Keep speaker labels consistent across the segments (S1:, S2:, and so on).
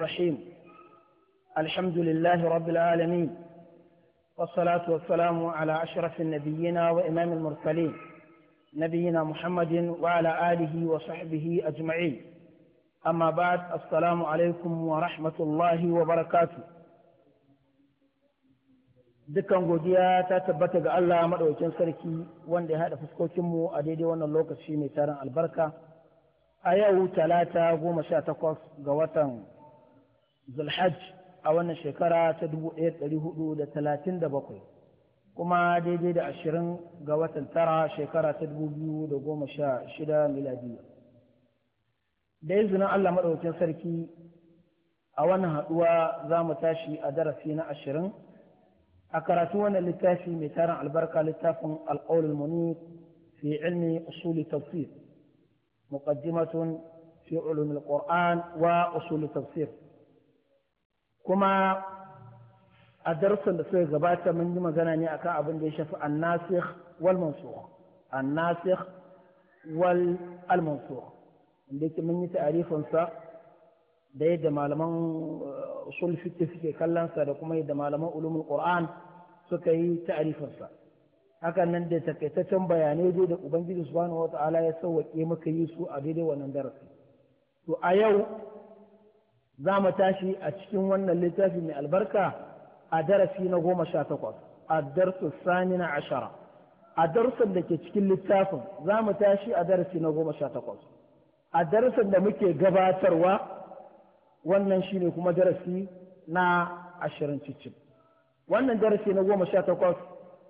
S1: رحيم الحمد لله رب العالمين والصلاة والسلام على أشرف النبيين وإمام المرسلين نبينا محمد وعلى آله وصحبه أجمعين أما بعد السلام عليكم ورحمة الله وبركاته dukkan godiya ta tabbata ga Allah maɗaukin sarki wanda ya haɗa fuskokinmu a daidai wannan lokaci mai tarin albarka a yau talata goma sha takwas ga watan zulhaj a wannan shekara ta 1437 kuma daidai da ashirin ga watan tara shekara ta 2016 miladiya da izinin Allah maɗaukin sarki a wannan haɗuwa za mu tashi a darasi na ashirin a karatu wannan littafi mai tarin albarka littafin alƙawul muni fi ilmi usuli tafsir muqaddimatun fi ulumul qur'an wa usuli tafsir kuma a darsan da suka gabata mun yi magana ne akan abin da ya shafi annasikh wal mansukh annasikh wal al mansukh inda yake mun yi ta'arifin sa da yadda malaman uh, usul fiqh suke kallon sa da kuma yadda malaman ulumul qur'an suka yi ta'arifin sa hakan nan da takaitaccen bayanai dai da ubangiji subhanahu wata'ala ya sauwake maka yi su a daidai wannan darasi to a yau za mu tashi a cikin wannan littafi mai albarka a darasi na goma sha takwas a darsu sani na ashara a darussan da ke cikin littafin za mu tashi a darasi na goma sha takwas a darussan da muke gabatarwa wannan shine kuma darasi na ashirin cicin wannan darasi na goma sha takwas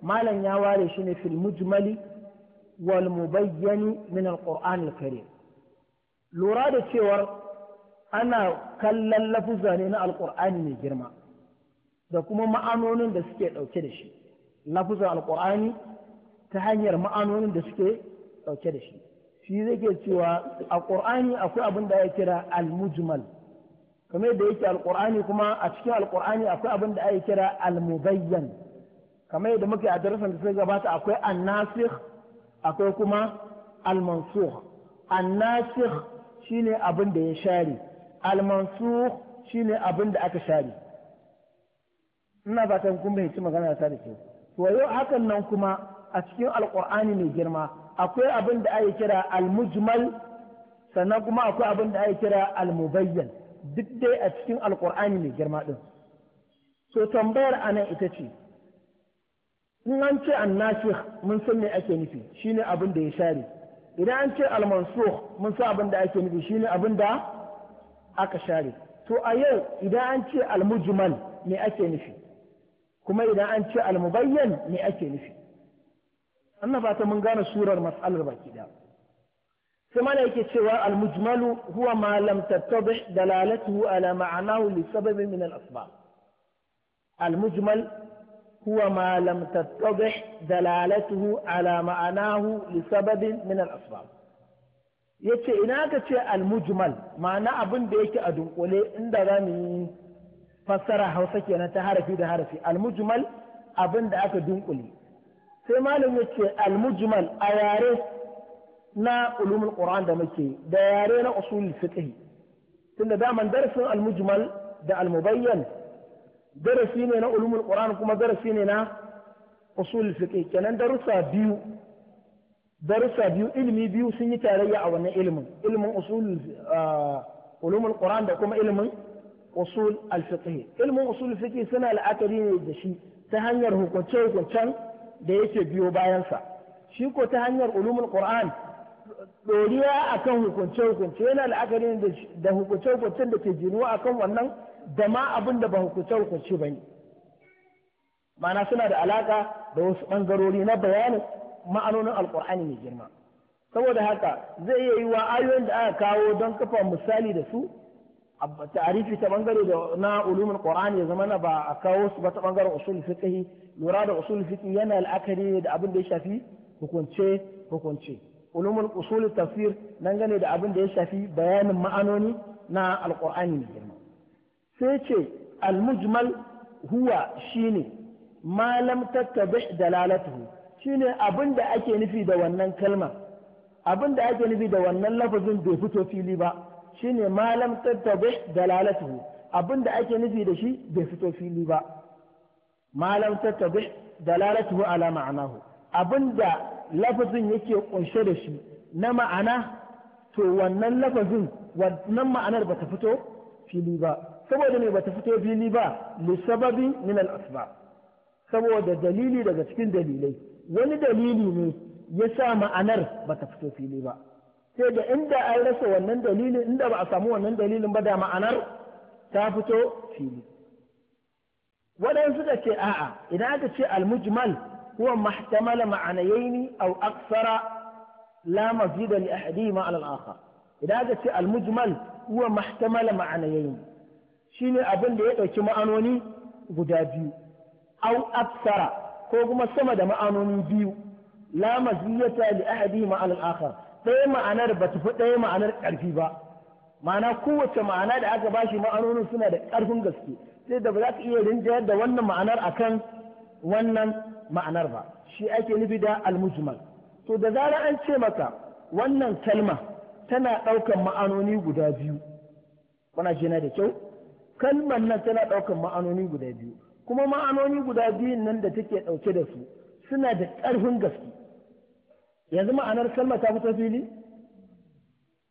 S1: malam ya ware shi ne fil mujmali wal mubayyani min al karim lura da cewar ana kallon lafuzza ne na alƙur'ani mai girma da kuma ma'anonin da suke ɗauke da shi lafuzan alƙur'ani ta hanyar ma'anonin da suke ɗauke da shi shi zai ke cewa a ƙur'ani akwai abin da ya kira al-mujmal kamar yadda yake alƙur'ani kuma a cikin alƙur'ani akwai abin da ya kira al-mubayyan kamar yadda muke a darasin da suka gabata akwai an akwai kuma al-mansukh an-nasikh shine abin da ya share Almansur shi shine abin da aka share ina fatan kun bai ci magana ta da ke to yau hakan nan kuma a cikin alqur'ani mai girma akwai abin da ake kira almujmal sannan kuma akwai abin da ake kira Almubayyan duk dai a cikin alqur'ani mai girma din to tambayar anan ita ce in an ce annasikh mun san me ake nufi shine abin da ya share idan an ce Almansur mun san abin da ake nufi shine abin da aka share to a yau idan an ce almujmal me ake nufi kuma idan an ce almubayyan me ake nufi annan fata mun gane surar mas'alar baki da sai mana yake cewa almujmalu huwa ma lam tattabi dalalatu ala ma'anahu li sababi min al-asbab المجمل هو ما لم تتضح دلالته على معناه لسبب من الأسباب yace ina ka ce almujmal ma'ana abin da yake a dunkule inda za mu yi fassara hausa kenan ta harafi da harafi almujmal abin da aka dunkule sai malam ya ce almujmal a yare na ulumul qur'an da muke da yare na usul fiqh tunda daman darasin almujmal da almubayyan darasi ne na ulumul qur'an kuma darasi ne na usul fiqh kenan darussa biyu darussa biyu ilimi biyu sun yi tarayya a wannan ilimin ilimin usul ah, ulumul qur'an da kuma ilimin usul al-fiqh ilimin usul fiqh suna la'akari ne da shi ta hanyar hukunce hukuncen da yake biyo bayansa shi ko ta hanyar ulumul qur'an doriya akan hukunce hukunce yana la'akari ne da hukunce hukuncen da ke jinuwa akan wannan da ma abin da ba hukunce hukunce bane ma'ana suna da alaka da wasu bangarori na bayanin ma'anonin alkur'ani mai girma saboda haka zai iya yi wa ayoyin da aka kawo don kafa misali da su ta'arifi ta bangare da na ulumin qur'ani ya zama na ba a kawo su ba ta bangaren usul fiqh lura da usul fiqh yana la'akari da abin da ya shafi hukunce hukunce ulumul usul tafsir nan gane da abin da ya shafi bayanin ma'anoni na alqur'ani mai girma sai ce al mujmal huwa shine ma lam tattabi dalalatuhu shine abin da ake nufi da wannan kalma abin da ake nufi da wannan lafazin bai fito fili ba shine malam tattabe dalalatuhu abin da ake nufi da shi bai fito fili ba malam tattabe dalalatuhu ala ma'anahu abin da lafazin yake kunshe da shi na ma'ana to wannan lafazin wannan ma'anar bata fito fili ba saboda me bata fito fili ba li sababi min al saboda dalili daga cikin dalilai wani dalili ne ya sa ma'anar ba ta fito fili ba sai da inda an rasa wannan dalilin inda ba a samu wannan dalilin ba da ma'anar ta fito fili waɗansu da ce a'a idan aka ce almujmal huwa mahtamala ma'anayaini aw aksara la mazida li ahadihima ala al-akhar idan aka ce almujmal huwa mahtamala ma'anayaini shine abin da ya ɗauki ma'anoni guda biyu aw aksara ko kuma sama da ma'anoni biyu la maziyata li ahadi al akhar dai ma'anar ba tafi ɗaya ma'anar karfi ba ma'ana kowace ma'ana da aka bashi ma'anonin suna da ƙarfin gaske sai da ba za ka iya rinjayar da wannan ma'anar akan wannan ma'anar ba shi ake nufi da al almujmal to da zarar an ce maka wannan kalma tana ɗaukan ma'anoni guda biyu kuna jina da kyau kalmar nan tana ɗaukan ma'anoni guda biyu kuma ma'anoni guda biyun nan da take ɗauke da su suna da ƙarfin gaske yanzu ma'anar Salma ta fito fili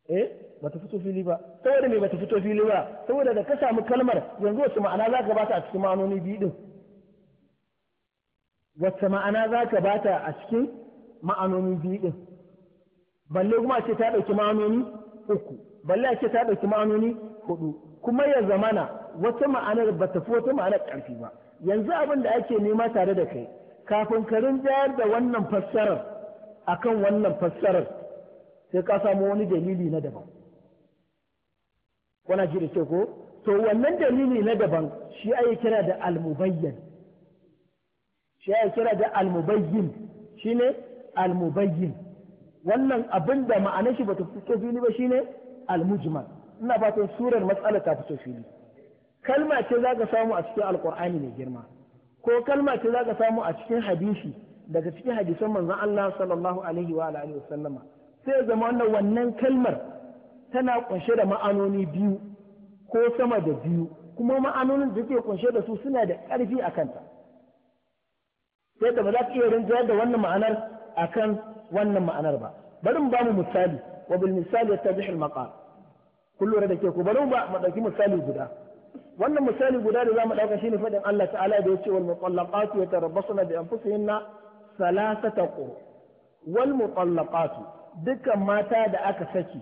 S1: eh ba ta fito fili ba saboda me ba ta fito fili ba saboda da ka samu kalmar yanzu wasu ma'ana za ka bata a cikin ma'anoni biyu din Wasu ma'ana za ka bata a cikin ma'anoni biyu din balle kuma ce ta ɗauki ma'anoni uku balle ce ta ɗauki ma'anoni hudu kuma ya zamana wata ma'anar ba ta fi wata ma'anar ƙarfi ba yanzu abin da ake nema tare da kai kafin ka rinjayar da wannan fassarar a kan wannan fassarar sai ka samu wani dalili na daban wana ji da ko to wannan dalili na daban shi ake kira da almubayyan shi ake kira da almubayyin shine almubayyin wannan abin da ma'anar shi bata fito fili ba shine almujmal ina fatan surar matsalar ta fito fili kalma ce za ka samu a cikin alkur'ani mai girma ko kalma ce za ka samu a cikin hadisi daga cikin hadisan manzon Allah sallallahu alaihi wa alihi wa sallama sai zama wannan wannan kalmar tana kunshe da ma'anoni biyu ko sama da biyu kuma ma'anonin da ke kunshe da su suna da ƙarfi a kanta sai da ba za ka iya rinjayar da wannan ma'anar akan wannan ma'anar ba bari mu ba mu misali wa bil misali yattadhihu al maqal kullu da ke ku bari mu ba mu dauki misali guda wannan misali guda da zamu dauka shine fadin Allah ta'ala da yace wal mutallaqatu yatarabbasna bi anfusihinna thalathata qur wal mutallaqatu dukkan mata da aka saki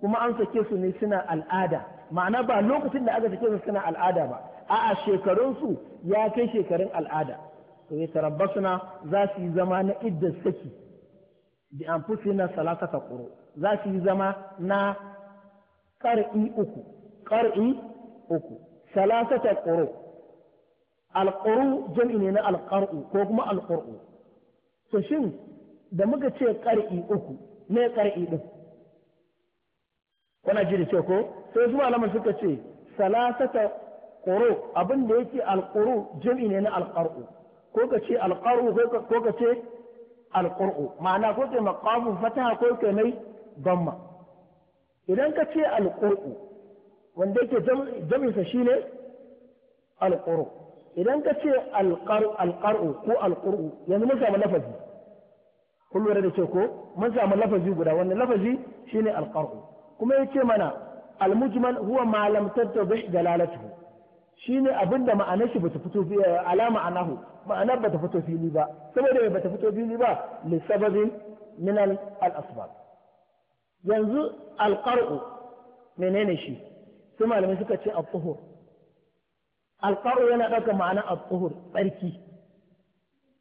S1: kuma an sake su ne suna al'ada ma'ana ba lokacin da aka sake su suna al'ada ba a'a shekarun su ya kai shekarun al'ada to yatarabbasna za su yi zama na iddar saki bi anfusihinna thalathata qur za su yi zama na ƙar'i uku ƙar'i uku salasata quru alƙuru jam'i ne na alƙar'u ko kuma alƙur'u to shin da muka ce ƙar'i uku ne ƙar'i ɗin kuna ji ce ko sai su malaman suka ce salasata ƙuru abin da yake alƙuru jam'i ne na alƙar'u ko ka ce alƙar'u ko ka ce alƙur'u ma'ana ko ce maqamu fataha ko kai mai damma idan ka ce alƙur'u wanda yake jam'insa shi ne alƙuru idan ka ce alƙar'u ko alƙuru yanzu mun samu lafazi kun lura da ce ko mun samu lafazi guda wannan lafazi shi ne alƙar'u kuma ya ce mana almujmal huwa ma lam tattadhi dalalatuhu shine abinda ma'anar shi bata fito alama anahu ma'anar bata fito fili ba saboda bata fito fili ba li sababin min yanzu alqar'u menene shi sai malamai suka ce a tuhur alqaru yana ɗauka ma'ana a tuhur tsarki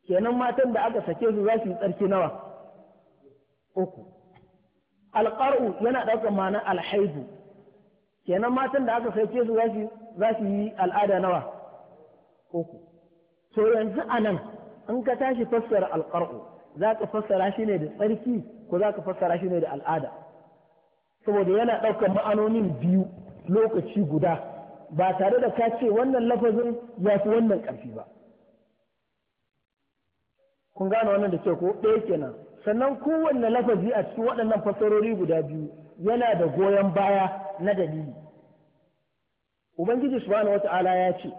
S1: kenan matan da aka sake su za su yi tsarki nawa uku Alƙaru yana ɗauka ma'ana alhaibu kenan matan da aka sake su za su yi al'ada nawa uku to yanzu anan in ka tashi fassara alƙaru, za ka fassara shi ne da tsarki ko za ka fassara shi ne da al'ada saboda yana ɗaukar ma'anonin biyu lokaci guda ba tare da ka ce wannan lafazin ya fi wannan ƙarfi ba kun gane wannan da ke ko ɗaya kenan sannan kowanne lafazi a cikin waɗannan fasarori guda biyu yana da goyon baya na dalili ubangiji subhanahu wata'ala ya ce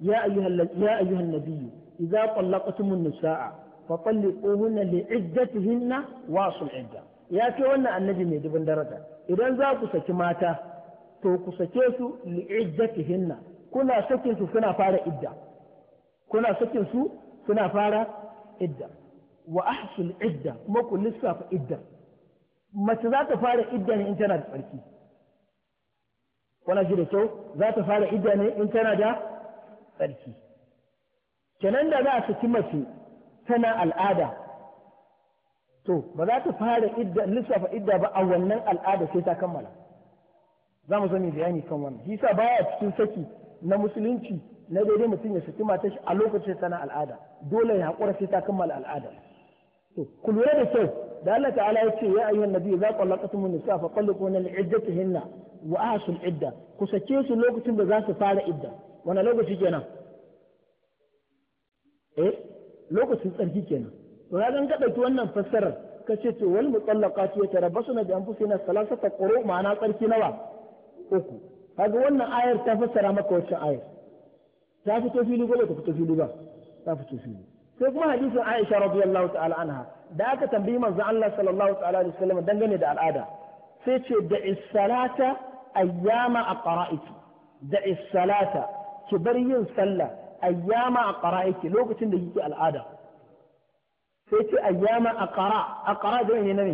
S1: ya ayyuhan nabiyyu idza qallaqtumun nisaa fa talliquhunna li'iddatihinna wa sul'idda. ya ce wannan annabi mai dubin daraja idan za ku saki mata to ku sake su li'iddatihinna kuna sakin su suna fara idda kuna sakin su suna fara idda wa ahsul idda kuma ku lissafa idda mace za ta fara idda ne in tana da tsarki kuna ji da kyau za ta fara idda ne in tana da tsarki kenan da za a saki mace tana al'ada to ba za ta fara idda lissafa idda ba a wannan al'ada sai ta kammala za mu zo bayani kan wannan shi sa baya cikin saki na musulunci na daidai mutum ya saki mata shi a lokacin tana al'ada dole ya haƙura sai ta kammala al'ada to ku da kyau da Allah ta'ala ya ce ya ayyuhan nabiyyu za min nisa fa qalliquna hinna wa ahsul idda ku sake su lokacin da za su fara idda wani lokaci kenan eh lokacin tsarki kenan to ya zan ka ɗauki wannan fassarar ka ce to wal mutallaqatu yatarabbasuna bi anfusina salasata quru ma'ana tsarki nawa uku kaga wannan ayar ta fassara maka wacce ayar ta fito fili ko ta fito fili ba ta fito fili sai kuma hadisin Aisha radiyallahu ta'ala anha da aka tambayi manzo Allah sallallahu ta'ala alaihi wasallam dangane da al'ada sai ce da is-salata ayyama aqra'iki da is-salata ki bar yin sallah ayyama aqra'iki lokacin da yake al'ada sai ce ayyama aqra aqra da ne ne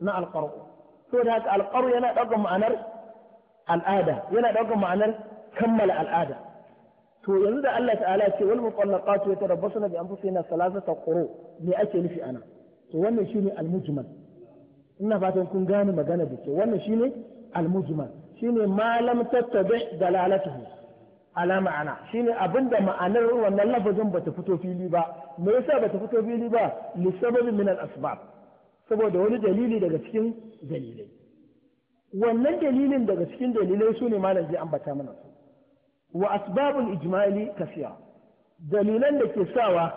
S1: na al-qaru to da haka al-qaru yana daukar ma'anar al'ada yana ɗaukar ma'anar kammala al'ada to yanzu da Allah ta'ala ce wal mutallaqatu yatarabbasuna bi yana thalathata quru me ake nufi ana to wannan shine al-mujmal ina fatan kun gane magana da ke wannan shine al-mujmal shine ma lam tattabi dalalatuhu ala ma'ana shine abinda ma'anar wannan lafazin bata fito fili ba me yasa bata fito fili ba li sababin min al-asbab saboda wani dalili daga cikin dalilai wannan dalilin daga cikin dalilai su ne malam zai ambata mana su wa asbabul ijmali kafiya dalilan da ke sawa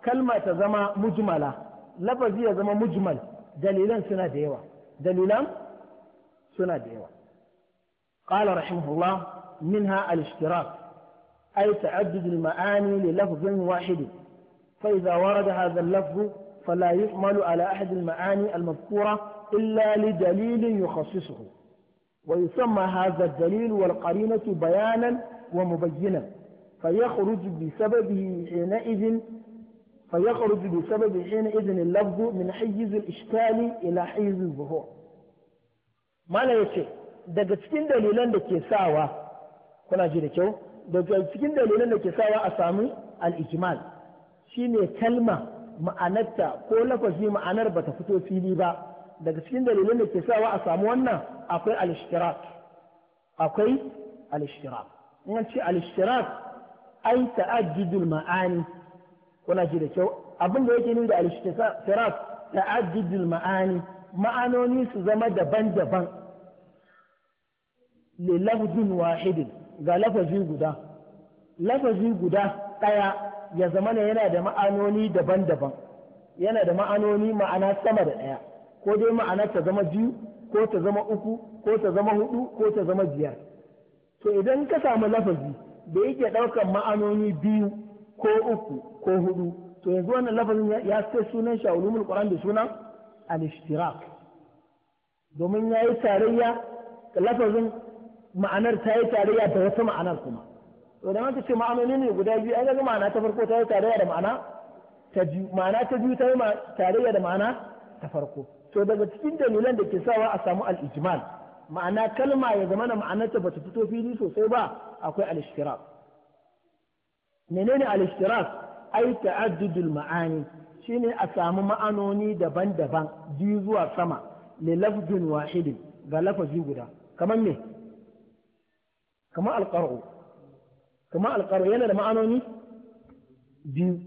S1: kalma ta zama mujmala lafazi ya zama mujmal dalilan suna da yawa dalilan suna da yawa qala rahimahullah minha al-ishtirak ay ta'addud al-ma'ani li lafzin wahid fa idha warada hadha al-lafz فلا يحمل على أحد المعاني المذكورة إلا لدليل يخصصه ويسمى هذا الدليل والقرينة بيانا ومبينا فيخرج بسببه حينئذ فيخرج بسبب حينئذ اللفظ من حيز الإشكال إلى حيز الظهور ما لا يشيء daga cikin dalilan da ke sawa kuna ji da kyau daga cikin dalilan da ke sawa a al-ijmal shine kalma ma'anarta ko lafazi ma'anar bata fito fili ba daga cikin dalilin da ke sawa a samu wannan akwai al-ishtirak akwai al-ishtirak in an ce al-ishtirak ai ta'ajjudul ma'ani kuna ji da kyau abin da yake nuna da al-ishtirak ta'ajjudul ma'ani ma'anoni su zama daban-daban li lafzin wahidin ga lafazi guda lafazi guda ɗaya ya zama ne yana da ma'anoni daban-daban yana da ma'anoni ma'ana sama da ɗaya ko dai ma'ana ta zama biyu ko ta zama uku ko ta zama hudu ko ta zama biyar to idan ka samu lafazi da yake ɗaukar ma'anoni biyu ko uku ko hudu to yanzu wannan lafazin ya sai sunan sha'ulumul qur'an da sunan al ishtiraq domin yayi tarayya lafazin ma'anar ta yi tarayya da wata ma'anar kuma to da ce ma'anoni ne guda biyu ai ga ma'ana ta farko ta yi tarayya da ma'ana ta biyu ma'ana ta biyu ta yi tarayya da ma'ana ta farko to daga cikin dalilan da ke sawa a samu al-ijmal ma'ana kalma ya zama ta bata fito fili sosai ba akwai al-ishtirak menene al-ishtirak ai ta'addudul ma'ani shine a samu ma'anoni daban-daban biyu zuwa sama li lafdin wahidin ga lafazi guda kamar me kamar alqar'u kuma alƙaro yana da ma'anoni biyu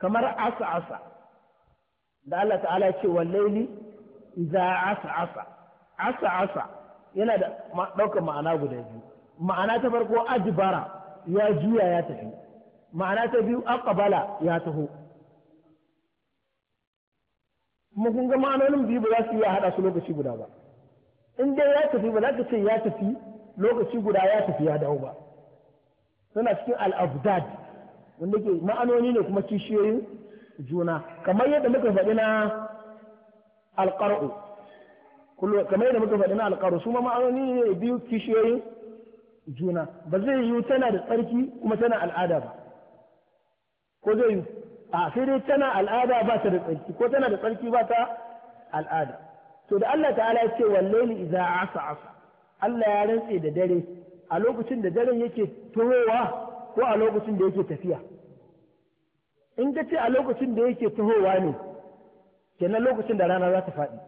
S1: kamar asa asa da Allah ta'ala ya ce wallaili idza asa asa asa asa yana da ɗaukar ma'ana guda biyu ma'ana ta farko adbara ya juya ya tafi ma'ana ta biyu aqbala ya taho kuma kun ga ma'anonin biyu ba za su iya haɗa su lokaci guda ba in dai ya tafi ba za ka ce ya tafi lokaci guda ya tafi ya dawo ba suna cikin al'abdad wanda ke ma'anoni ne kuma kishiyoyin juna kamar yadda muka faɗi na alƙar'u kamar yadda muka faɗi na alƙar'u su ma ma'anoni ne biyu kishiyoyin juna ba zai yiwu tana da tsarki kuma tana al'ada ba ko zai yiwu a sai dai tana al'ada ba ta da tsarki ko tana da tsarki ba ta al'ada to da Allah ta'ala ya ce wallahi idza asa asa Allah ya rantse da dare a lokacin da daren yake tuhowa ko a lokacin da yake tafiya in ka ce a lokacin da yake tuhowa ne kenan lokacin da rana za ta faɗi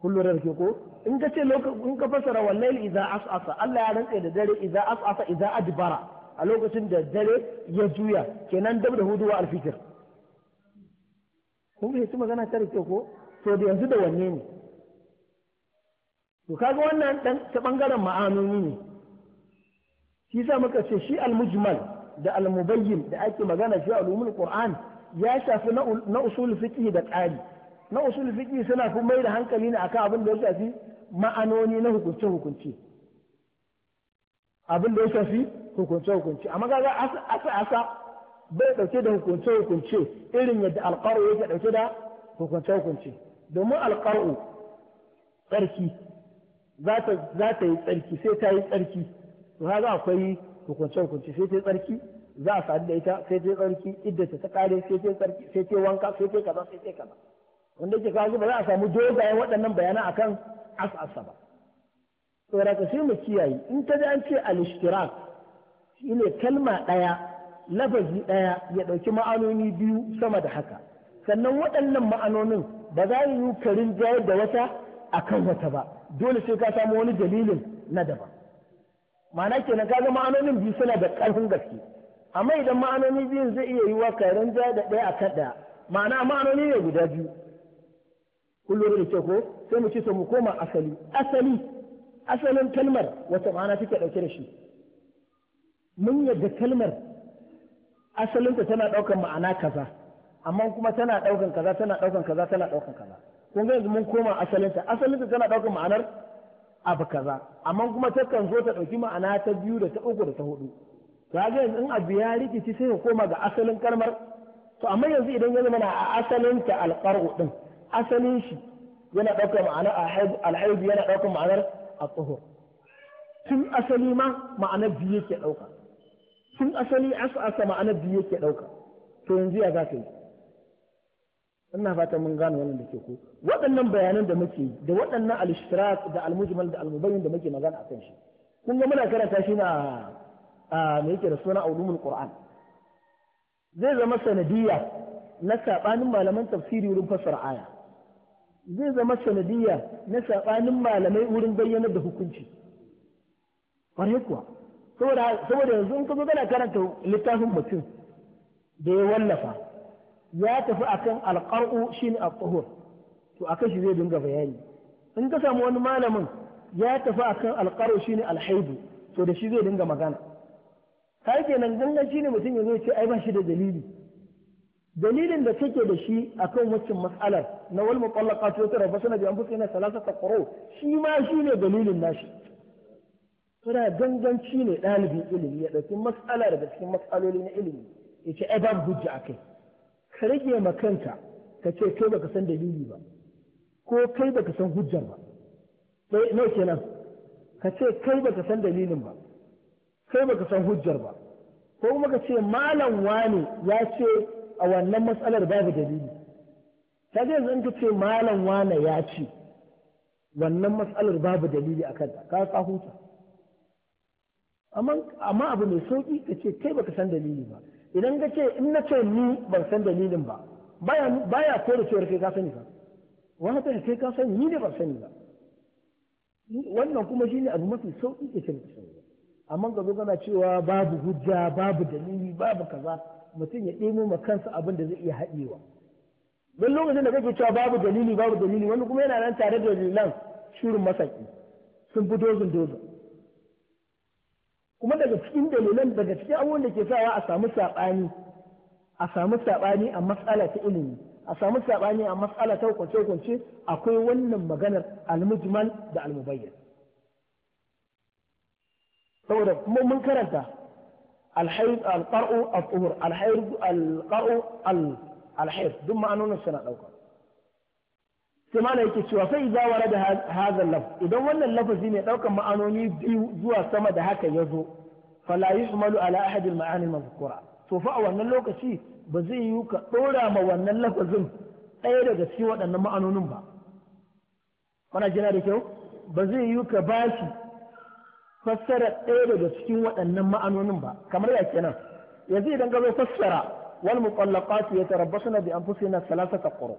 S1: kullum da ke ko in ka ce in ka fasara wallahi idza as'asa Allah ya rantsa da dare idza as'asa idza adbara a lokacin da dare ya juya kenan dab da huduwa alfitr kun su magana ta rike ko to da yanzu da wanne ne to kaga wannan dan ta bangaren ma'anoni ne shi sa muka ce shi al-mujmal da al-mubayyin da ake magana shi ulumul qur'an ya shafi na usul fiqi da tsari. na usul fiqi suna fi mai da hankali ne akan abin da ya shafi ma'anoni na hukunce hukunce abin da ya shafi hukunce hukunce amma kaga asa asa bai dauke da hukunce hukunce irin yadda alqaru yake dauke da hukunce hukunce domin alqaru tsarki za ta yi tsarki sai ta yi tsarki to kaga akwai hukunce hukunce sai ta yi tsarki za a sadu da ita sai ta yi tsarki idda ta kare sai ta yi tsarki sai ta yi wanka sai ta yi kaza sai ta yi kaza wanda yake kawo ba za a samu dogayen waɗannan bayanan akan as'asa ba saboda ka sai mu kiyaye in ta ji an ce al-ishtirak shine kalma ɗaya lafazi ɗaya ya ɗauki ma'anoni biyu sama da haka sannan waɗannan ma'anonin ba za yi karin jayar da wata akan wata ba dole sai ka samu wani dalilin na daban ma'ana kenan kaga ma'anonin biyu suna da ƙarfin gaske amma idan ma'anoni biyun zai iya yiwa karen ja da ɗaya a kan ɗaya ma'ana ma'anoni ne guda biyu kullum da ke ko sai mu ci sa mu koma asali asali asalin kalmar wata ma'ana take ɗauke da shi mun yadda kalmar asalinta tana ɗaukan ma'ana kaza amma kuma tana ɗaukan kaza tana ɗaukan kaza tana ɗaukan kaza kun ga yanzu mun koma asalinta asalinta tana ɗaukar ma'anar abu kaza amma kuma takan zo ta ɗauki ma'ana ta biyu da ta uku da ta hudu ga yanzu in abu ya rikici sai ka koma ga asalin kalmar to amma yanzu idan ya zama na a asalinta alƙar'u din asalin shi yana ɗaukar ma'anar alhaibu yana ɗaukar ma'anar a tun asali ma ma'ana biyu yake ɗauka tun asali asa asa ma'anar biyu yake ɗauka to yanzu ya za ka yi ina fatan mun gane wannan da ke ko waɗannan bayanan da muke da waɗannan al-ishtirak da al-mujmal da al-mubayyin da muke magana akan shi kun ga muna karanta shi na a me yake da suna ulumul qur'an zai zama sanadiyya na sabanin malaman tafsiri wurin fassara aya zai zama sanadiyya na sabanin malamai wurin bayyana da hukunci kwarai kuwa saboda yanzu in ka zo kana karanta littafin mutum da ya wallafa ya tafi akan alƙaru shine at-tuhur to akan shi zai dinga bayani in ka samu wani malamin ya tafi akan alƙaru shine al-haidu to da shi zai dinga magana kai kenan gangan shine mutum ya zo ce ai ba shi da dalili dalilin da kake da shi akan waccan mas'alar na wal mutallaqat wa tarabbasuna bi anfusina thalathata quru shi ma shine dalilin nashi suna ganganci ne ɗalibin ilimi ya ɗauki matsala daga cikin matsaloli na ilimi ya ce ai babu hujja a kai ka rage ma kanka ka ce kai baka san dalili ba ko kai baka san hujjar ba sai eh, nawa kenan ka ce kai baka san dalilin ba kai baka san hujjar ba ko kuma ka ce malam wani ya ce a wannan matsalar babu dalili ta ce yanzu ka ce malam wani ya ce wannan matsalar babu dalili a kanta ka ka huta amma abu mai sauki ka ce kai baka san dalili ba idan ka ce in na ce ni ban san dalilin ba baya baya ko da cewar kai ka sani ba wani ta kai ka sani ni ne ban sani ba wannan kuma ne abu mafi sauƙi ke shirka sani amma ga zo kana cewa babu hujja babu dalili babu kaza mutum ya ɗemo ma kansa abin da zai iya haɗewa don lokacin da kake cewa babu dalili babu dalili wani kuma yana nan tare da dalilan shirin masaki sun fi dozin dozin kuma daga cikin dalilan daga cikin abubuwan da ke sawa a samu saɓani a samu saɓani a matsala ta ilimi a samu saɓani a matsala ta hukunce akwai wannan maganar almujmal da almubayyan saboda kuma mun karanta alhaid alqar'u al-tuhur alhaid alqar'u al duk ma'anonin suna ɗauka. sai malai yake cewa sai idza warada hadha laf idan wannan lafazi ne daukan ma'anoni biyu zuwa sama da haka yazo fala yuhmalu ala ahad al ma'ani mazkura to fa a wannan lokaci ba zai yi ka dora ma wannan lafazin ɗaya daga cikin waɗannan ma'anonin ba kana jina da kyau ba zai yi ka bashi fassara ɗaya daga cikin waɗannan ma'anonin ba kamar ya kenan yanzu idan ka zo fassara wal muqallaqat yatarabbasuna bi anfusina thalathata quru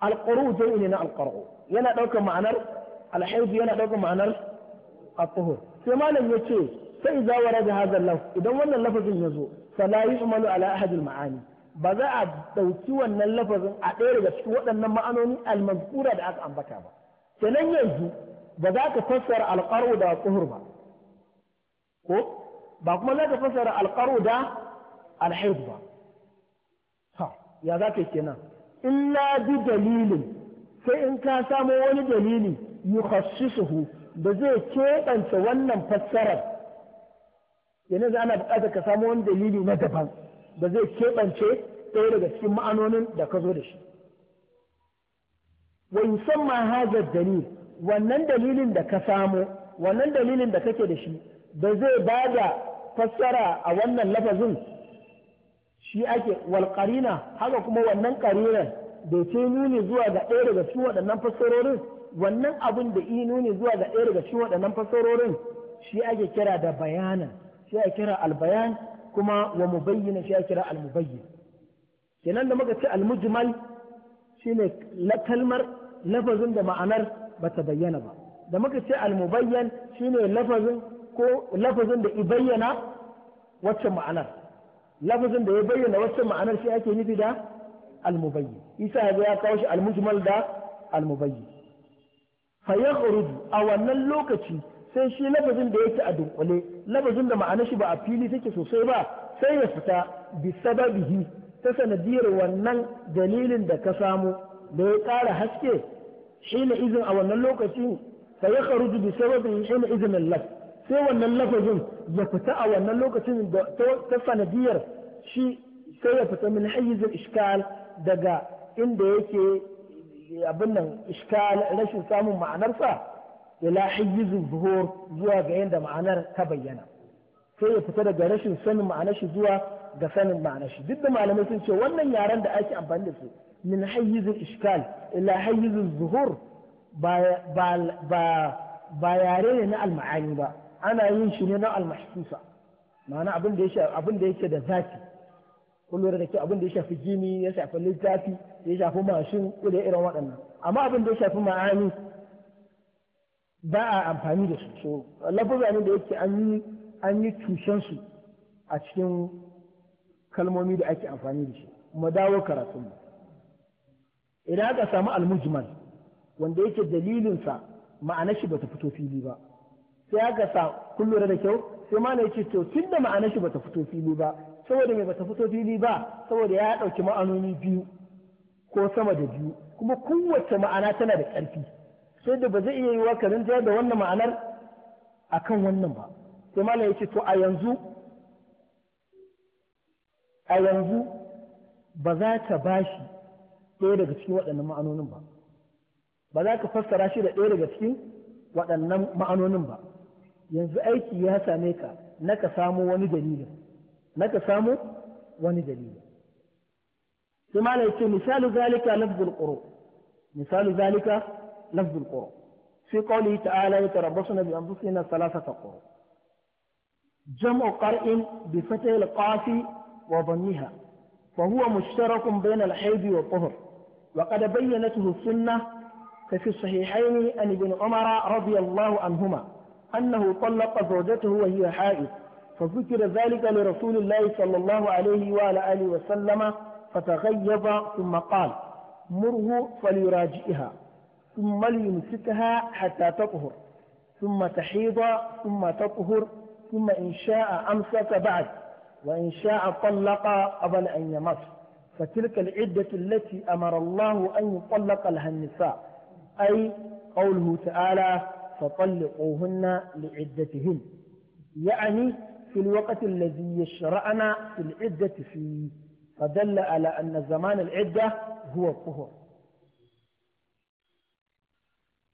S1: alqaru jami'i ne na yana ɗaukar ma'anar alhaifu yana ɗaukar ma'anar at sai malam yace sai idza warada hadha al-lafz idan wannan lafazin yazo fala yu'malu ala ahad al-ma'ani ba za a ɗauki wannan lafazin a ɗaya daga cikin waɗannan ma'anoni al da aka ambata ba kenan yanzu ba za ka fassara alƙaru da at ba ko ba kuma za ka fassara alƙaru da alhaifu ba ya za ka kenan illa bi dalilin sai in ka samo wani dalili yukhassisuhu da zai keɓance wannan fassarar yanzu ana buƙatar ka samo wani dalili na daban da zai keɓance ɗaya daga cikin ma'anonin da ka zo da shi wa yusamma hadha dalil wannan dalilin da ka samo wannan dalilin da kake da shi da zai da fassara a wannan lafazin shi ake walƙarina, haka kuma wannan qarinan da ce nuni zuwa ga ɗaya daga cikin waɗannan fassarorin wannan abin da i nuni zuwa ga ɗaya daga cikin waɗannan fassarorin shi ake kira da bayanan shi ake kira albayan kuma wa mubayyana shi ake kira almubayyin kenan da muka ce almujmal shine la kalmar lafazin da ma'anar bata bayyana ba da muka ce almubayyan shine lafazin ko lafazin da i bayyana wacce ma'anar lafazin da ya bayyana wasu ma'anar shi ake nufi da almubayyi isa ya ya kawo shi almujmal da almubayyi fa ya a wannan lokaci sai shi lafazin da yake a dunkule lafazin da ma'anar shi ba a fili take sosai ba sai ya fita bi sababihi ta sanadiyar wannan dalilin da ka samu da ya kara haske shi na izin a wannan lokacin fa yakhruju bi sababihi shi na izinin lafazin sai wannan lafazin ya fita a wannan lokacin da ta sanadiyar shi sai ya fita min hayyizin iskal daga inda yake abin nan iskal rashin samun ma'anarsa ila hayyizin zuhur zuwa ga yadda ma'anar ta bayyana sai ya fita daga rashin sanin ma'anar shi zuwa ga sanin ma'anar shi duk da malamai sun ce wannan yaren da ake amfani da su min hayyizin iskal ila hayyizin zuhur ba yare ne na alma'ani ba ana yin shi ne na almahsusa ma'ana abin da yake abin da yake da zafi kullum da ke abin da ya shafi jini ya shafi littafi ya shafi mashin ire irin waɗannan amma abin da ya shafi ma'ani ba a amfani da su so lafuza ne da yake an yi an yi tushen su a cikin kalmomi da ake amfani da shi mu dawo karatun idan aka samu almujmal wanda yake dalilinsa ma'anar shi bata fito fili ba sai aka sa kun da kyau sai ma ne ce to tunda ma'anar shi bata fito fili ba saboda mai bata fito fili ba saboda ya dauki ma'anoni biyu ko sama da biyu kuma kowace ma'ana tana da ƙarfi sai da ba zai iya yi wa karin da wannan ma'anar akan wannan ba sai ma ya ce to a yanzu a yanzu ba za ta bashi ɗaya daga cikin waɗannan ma'anonin ba ba za ka fassara shi da ɗaya daga cikin waɗannan ma'anonin ba yanzu aiki ya same ka na ka samu wani dalili na ka samu wani dalili sai ma ce misalu zalika lafzul quru misalu zalika lafzul quru fi qawli ta'ala yatarabbasuna bi anfusina thalathata quru jam'u qar'in bi fathi al-qaf wa dhammiha fa huwa mushtarakun bayna al-hayd wa tuhur wa qad bayyanathu as-sunnah ففي الصحيحين عن ابن عمر رضي الله عنهما أنه طلق زوجته وهي حائض فذكر ذلك لرسول الله صلى الله عليه وعلى آله وسلم فتغيظ ثم قال مره فليراجئها ثم ليمسكها حتى تطهر ثم تحيض ثم تطهر ثم إن شاء أمسك بعد وإن شاء طلق قبل أن يمس فتلك العدة التي أمر الله أن يطلق لها النساء أي قوله تعالى فطلقوهن لعدتهن يعني في الوقت الذي يشرعنا في العدة فيه فدل على أن زمان العدة هو الطهر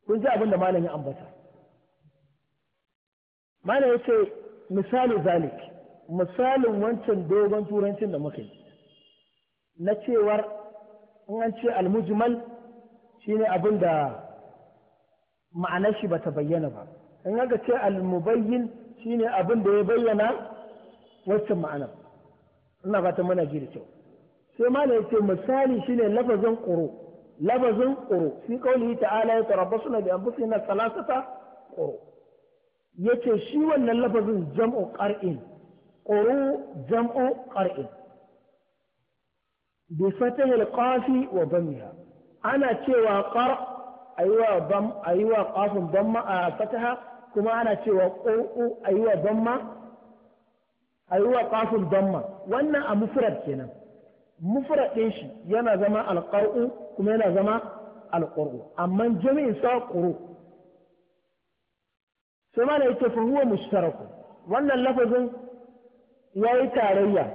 S1: كنت أقول ما لن ينبسا ما لن يتي مثال ذلك مثال وانتن دوغن تورنتن لمخل نتي ور وانتي المجمل شيني أقول ده ma'anar shi bata bayyana ba in haka ce al-mubayyin shine abin da ya bayyana waccan ma'anar ina fata muna ji da kyau sai ma ya ce misali shine lafazin quru lafazin quru fi qawlihi ta'ala ya tarabbasuna bi anfusina salasata quru yace shi wannan lafazin jam'u qar'in quru jam'u qar'in bi fatahil qafi wa dhammiha ana cewa qar' a yi wa ƙafin bamma a fataha kuma ana cewa ƙo'o a yi wa bamma a yi wa ƙafin bamma wannan a mufrad kenan mufrad ɗin shi yana zama alƙar'u kuma yana zama alƙur'u amma jami'in sa ƙuru sai ma da yake fahuwa mushtaraku wannan lafazin ya yi tarayya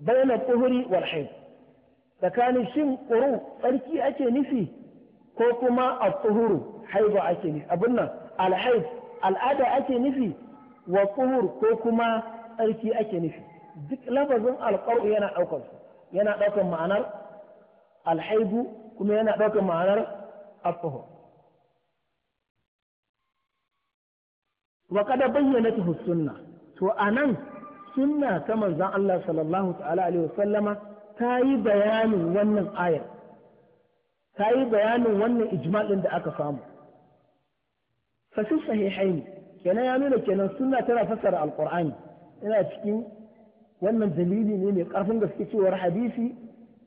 S1: bayan tuhuri wal haid tsakanin shin ƙuru tsarki ake nufi ko kuma a tsuhuru haiba ake nufi abin nan alhaif al'ada ake nufi wa tsuhur ko kuma tsarki ake nufi duk lafazin alƙar'u yana ɗaukar yana ɗaukar ma'anar alhaibu kuma yana ɗaukar ma'anar atsuhur wa kada bayyana ta sunna to a nan sunna ta manzon Allah sallallahu ta'ala alaihi wasallama ta yi bayanin wannan ayar ta yi bayanin wannan ijma'in da aka samu fasil ne kenan ya nuna kenan suna tana fassara alkur'ani yana cikin wannan dalili ne mai karfin gaske cewar hadisi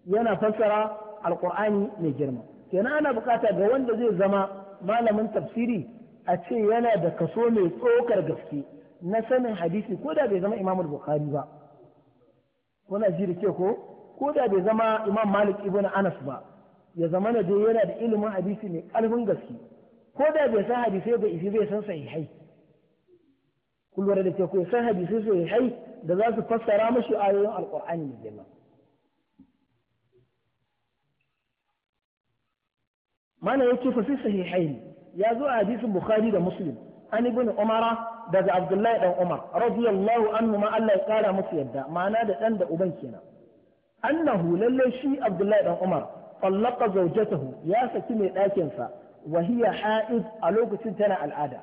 S1: yana fassara alkur'ani mai girma kenan ana bukata ga wanda zai zama malamin tafsiri a ce yana da kaso mai tsokar gaske na sanin hadisi ko da bai zama imamul bukhari ba kuna ji da ke ko ko da bai zama imam malik ibn anas ba ya zama na dai yana da ilimin hadisi mai kalmin gaske ko da bai san hadisai ba isi bai san sahihai kulwar da ke ku san hadisai sahihai da za su fassara mashi ayoyin alkur'ani mai girma mana yake fa fi sahihai ya zo a hadisin bukhari da muslim an ibn umara daga abdullahi dan umar radiyallahu anhu ma Allah ya kara musu yadda ma'ana da dan da uban kenan annahu lalle shi abdullahi dan umar tallaka zaujatahu ya saki mai ɗakinsa wa hiya ha'id a lokacin tana al'ada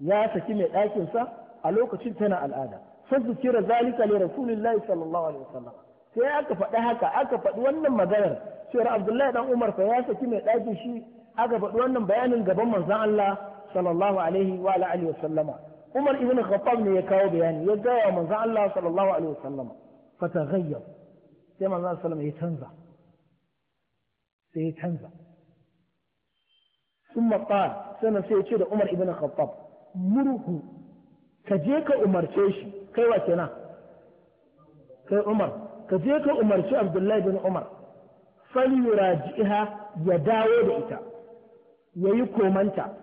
S1: ya saki mai ɗakinsa a lokacin tana al'ada sai kira zalika li rasulillahi sallallahu alaihi wasallam sai aka faɗi haka aka faɗi wannan maganar cewar Abdullahi dan Umar fa ya saki mai ɗakin shi aka faɗi wannan bayanin gaban manzon Allah sallallahu alaihi wa alihi wasallama Umar ibn Khattab ne ya kawo bayani ya gaya wa manzon Allah sallallahu alaihi wasallama fa taghayyar sai manzon Allah ya canza sai ya canza sun maɓa sannan sai ya ce da umar ibn khattab murhu ka je ka umarce shi kai wa kenan kai umar ka je ka umarci abdullahi bin umar fal yuraji'iha ya dawo da ita ya yi komanta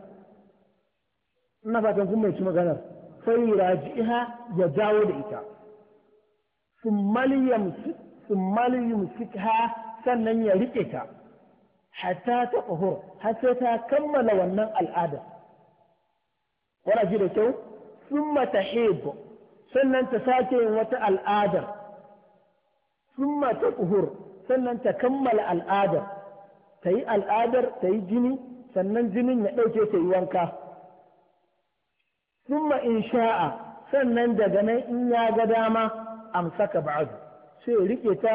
S1: ina fatan kun mai ci maganar fal yuraji'iha ya dawo da ita sun maliyam sun maliyam sannan ya rike ta hatta ta uhur, har sai ta kammala wannan al'adar wana ji da kyau sun mata hebo sannan ta sake yin wata al'adar sun mata sannan ta kammala al'adar ta yi al'adar ta yi jini sannan jinin ya ɗauke ta yi wanka summa in sha'a sannan daga nan in ya ga dama amsaka ba'adu sai riƙe ta